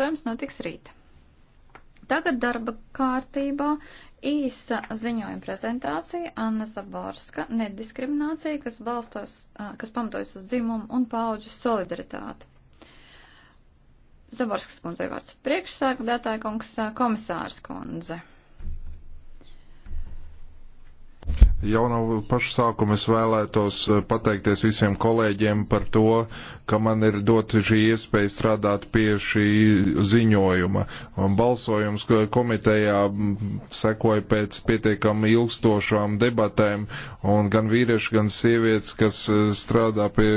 Balsojums notiks rīt. Tagad darba kārtībā īsa ziņojuma prezentācija Anna Zaborska - nediskriminācija, kas, balstos, kas pamatojas uz dzimumu un paauģu solidaritāti. Zaborskas kundzei vārds priekšsākdētāja kungs komisārs kundze. Jau no paša sākuma es vēlētos eh, pateikties visiem kolēģiem par to, ka man ir dota šī iespēja strādāt pie šī ziņojuma. Un balsojums komitejā sekoja pēc pietiekami ilgstošām debatēm, un gan vīrieši, gan sievietes, kas eh, strādā pie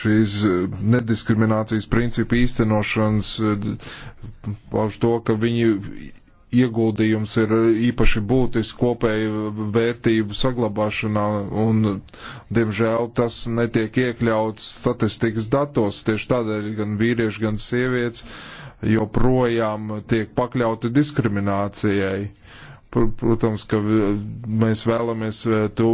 šīs eh, nediskriminācijas principu īstenošanas, pauž to, ka viņi ieguldījums ir īpaši būtisks kopēju vērtību saglabāšanā, un, diemžēl, tas netiek iekļauts statistikas datos. Tieši tādēļ gan vīrieši, gan sievietes joprojām tiek pakļauti diskriminācijai. Protams, ka mēs vēlamies to,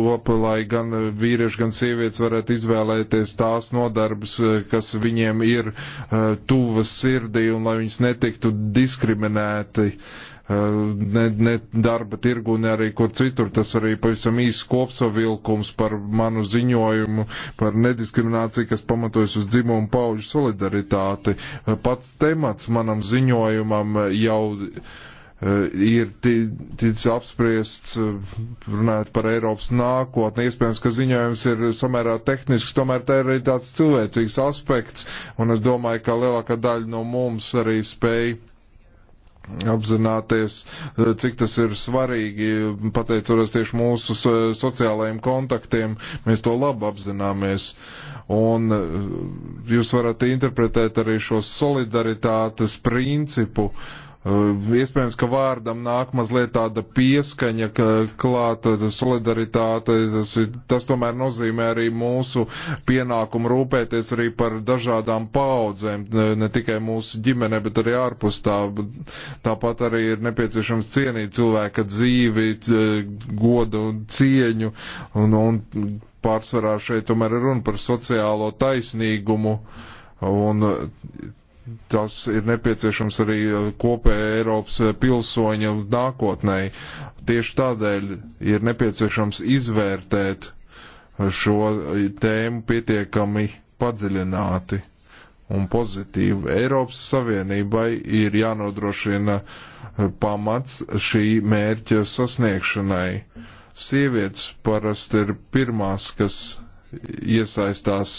lai gan vīrieši, gan sievietes varētu izvēlēties tās nodarbes, kas viņiem ir eh, tuvas sirdī, un lai viņas netiktu diskriminēti uh, Eh, ne, ne darba tirgu, ne arī kur citur. Tas arī pavisam īsts kopsavilkums par manu ziņojumu par nediskrimināciju, kas pamatojas uz dzimumu pauģu solidaritāti. Eh, pats temats manam ziņojumam jau eh, ir ticis apspriests, runājot par Eiropas nākotni. Iespējams, ka ziņojums ir samērā tehnisks, tomēr tā ir arī tāds cilvēcīgs aspekts, un es domāju, ka lielākā daļa no mums arī spēja apzināties, eh, cik tas ir svarīgi, pateicoties tieši mūsu sociālajiem kontaktiem, mēs to labi apzināmies. Un eh, jūs varat interpretēt arī šo solidaritātes principu, uh, Iespējams, ka vārdam nāk mazliet tāda pieskaņa klāta solidaritāte. Tas, ir, tas tomēr nozīmē arī mūsu pienākumu rūpēties arī par dažādām paudzēm, ne tikai mūsu ģimene, bet arī ārpus tā. Tāpat arī ir nepieciešams cienīt cilvēka dzīvi, godu un cieņu. Un, un pārsvarā šeit tomēr ir runa par sociālo taisnīgumu. Un tas ir nepieciešams arī uh, kopēja Eiropas uh, pilsoņa nākotnē. Tieši tādēļ ir nepieciešams izvērtēt šo uh, tēmu pietiekami padziļināti un pozitīvi. Eiropas Savienībai ir jānodrošina pamats šī mērķa sasniegšanai. Sievietes parasti ir pirmās, kas iesaistās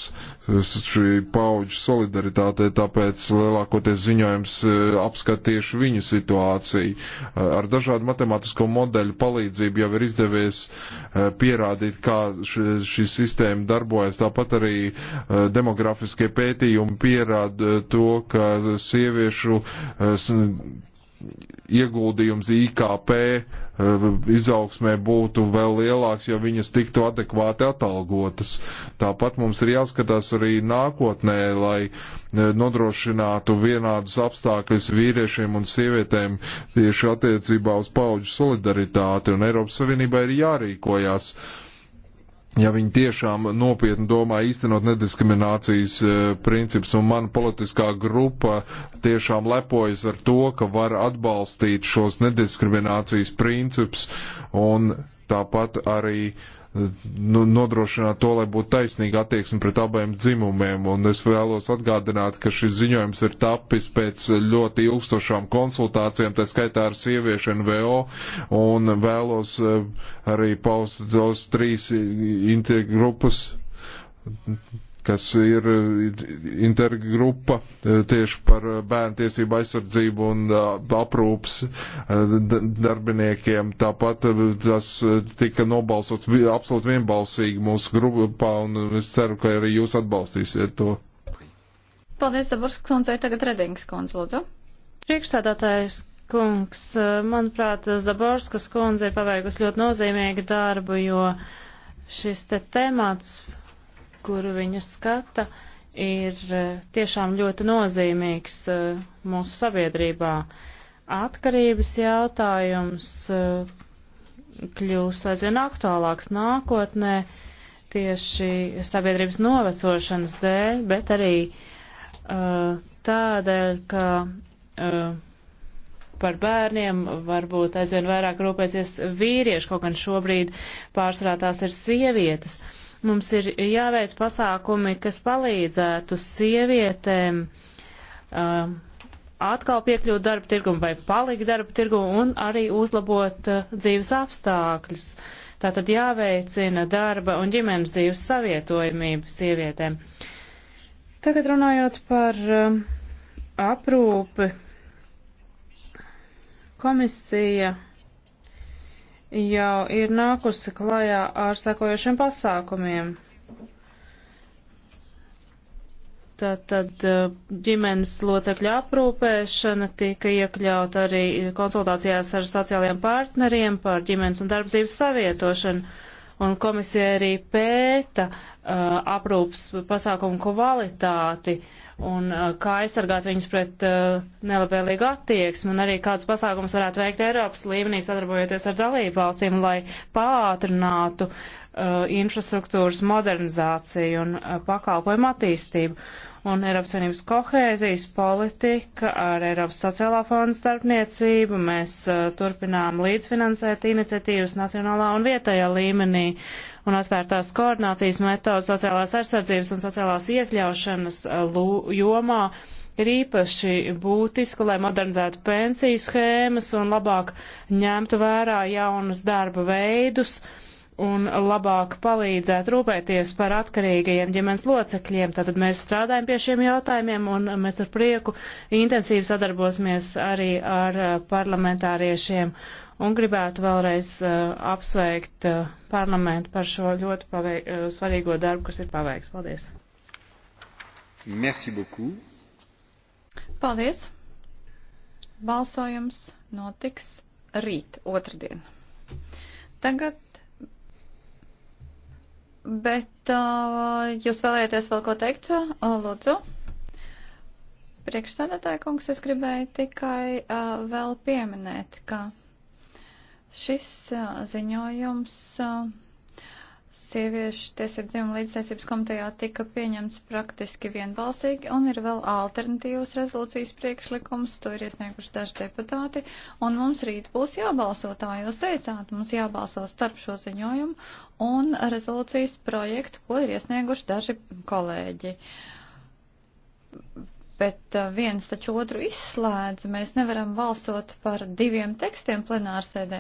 šī pauģu solidaritāte, tāpēc lielākoties ziņojums e, apskat tieši viņu situāciju. E, ar dažādu matemātisko modeļu palīdzību jau ir izdevies e, pierādīt, kā šī sistēma darbojas. Tāpat arī demografiskie pētījumi pierāda to, ka sieviešu ieguldījums IKP eh, izaugsmē būtu vēl lielāks, ja viņas tiktu adekvāti atalgotas. Tāpat mums ir jāskatās arī nākotnē, lai eh, nodrošinātu vienādus apstākļus vīriešiem un sievietēm tieši attiecībā uz pauģu solidaritāti, un Eiropas Savienībā ir jārīkojās. Uh, ja viņi tiešām nopietni domā īstenot nediskriminācijas eh, principus, un mana politiskā grupa tiešām lepojas ar to, ka var atbalstīt šos nediskriminācijas principus, un tāpat arī uh, Nu, nodrošināt to, lai būtu taisnīga attieksme pret abiem dzimumiem. Un es vēlos atgādināt, ka šis ziņojums ir tapis pēc ļoti ilgstošām konsultācijām, tā skaitā ar sieviešu NVO, un vēlos eh, arī paust tos trīs intergrupas kas ir eh, intergrupa eh, tieši par eh, bērnu tiesību aizsardzību un aprūpas darbiniekiem. Tāpat tas tika nobalsots absolūti vienbalsīgi mūsu grupā, un es ceru, ka arī jūs atbalstīsiet to. Paldies, Zabursk kundzei, tagad Redings kundze, lūdzu. Priekšsēdātājs kungs, manuprāt, Zaborskas kundze ir paveikusi ļoti nozīmīgu darbu, jo šis te temats kuru viņa skata, ir e, tiešām ļoti nozīmīgs e, mūsu sabiedrībā. Atkarības jautājums e, kļūs aizvien aktuālāks nākotnē tieši sabiedrības novecošanas dēļ, bet arī tādēļ, ka par bērniem varbūt aizvien vairāk rūpēsies vīrieši, kaut gan šobrīd pārsvarā tās ir sievietes. Uh, Mums ir jāveic pasākumi, kas palīdzētu sievietēm uh, atkal piekļūt darba tirgumu vai palikt darba tirgumu un arī uzlabot uh, dzīves apstākļus. Tātad jāveicina darba un ģimenes dzīves savietojamība sievietēm. Tagad runājot par uh, aprūpi, komisija jau ir nākusi klajā ar sekojošiem pasākumiem. Tātad eh, ģimenes locekļu aprūpēšana tika iekļauta arī konsultācijās ar sociālajiem partneriem par ģimenes un darbdzības savietošanu un komisija arī pēta uh, aprūpas pasākumu kvalitāti un uh, kā aizsargāt viņus pret uh, nelabvēlīgu attieksmi un arī kādas pasākumas varētu veikt Eiropas līmenī sadarbojoties ar dalību valstīm, lai pātrinātu Uh, infrastruktūras modernizāciju un uh, pakalpojumu attīstību. Un Eiropas Savienības kohēzijas politika ar Eiropas sociālā fonda starpniecību mēs uh, turpinām līdzfinansēt iniciatīvas nacionālā un vietējā līmenī un atvērtās koordinācijas metodas sociālās aizsardzības un sociālās iekļaušanas jomā ir īpaši būtiska, lai modernizētu pensiju schēmas un labāk ņemtu vērā jaunas darba veidus. Uh, un labāk palīdzēt rūpēties par atkarīgajiem ģimenes locekļiem. Tātad mēs strādājam pie šiem jautājumiem un mēs ar prieku intensīvi sadarbosimies arī ar uh, parlamentāriešiem un gribētu vēlreiz uh, apsveikt uh, parlamentu par šo ļoti paveik, uh, svarīgo darbu, kas ir paveikts. Paldies! Merci beaucoup! Paldies! Balsojums notiks rīt, otrdien. Tagad Bet uh, jūs vēlēties vēl ko teikt, uh, Lūdzu? Priekšsēdētāja kungs, es gribēju tikai uh, vēl pieminēt, ka šis uh, ziņojums. Uh, sieviešu tiesību dzimuma līdztiesības komitejā tika pieņemts praktiski vienbalsīgi, un ir vēl alternatīvas rezolūcijas priekšlikums, to ir iesnieguši daži deputāti, un mums rīt būs jābalso, tā jūs teicāt, mums jābalso starp šo ziņojumu un rezolūcijas projektu, ko ir iesnieguši daži kolēģi bet uh, viens taču otru izslēdz. Mēs nevaram balsot par diviem tekstiem plenārsēdē.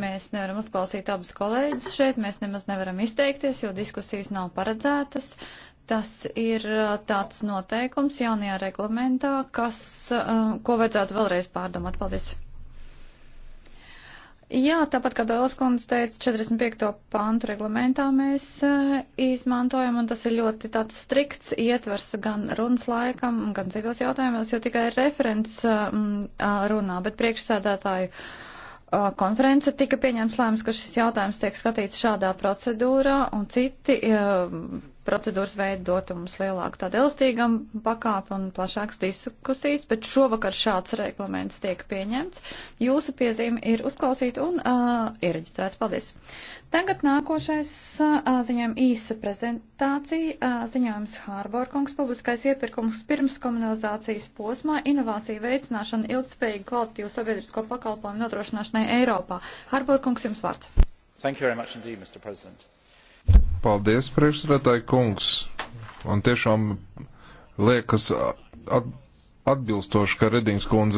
Mēs nevaram uzklausīt abus kolēģus šeit, mēs nemaz nevaram izteikties, jo diskusijas nav paredzētas. Tas ir uh, tāds noteikums jaunajā reglamentā, kas, uh, ko vajadzētu vēlreiz pārdomāt. Paldies! Jā, tāpat kā Dēls kundze teica, 45. pāntu reglamentā mēs eh, izmantojam, un tas ir ļoti tāds strikts ietvers gan runas laikam, gan citos jautājumos, jo tikai referents eh, runā, bet priekšsēdētāju konference tika pieņems lēmums, ka šis jautājums tiek skatīts šādā procedūrā, un citi eh, procedūras veidu dotu mums lielāku tādu elastīgam pakāpu un plašāks diskusijas, bet šovakar šāds reglaments tiek pieņemts. Jūsu piezīme ir uzklausīta un uh, ieraģistrēta. Paldies! Tagad nākošais uh, ziņojuma īsa prezentācija. Uh, ziņojums Hārborkungs publiskais iepirkums pirms komunalizācijas posmā - inovācija veicināšana ilgspējīgu kvalitīvu sabiedrisko pakalpojumu nodrošināšanai Eiropā. Hārborkungs, jums vārds. Thank you very much indeed, Mr. President. Paldies, priekšsredētāji kungs. Un tiešām liekas atbilstoši, ka Redings kundze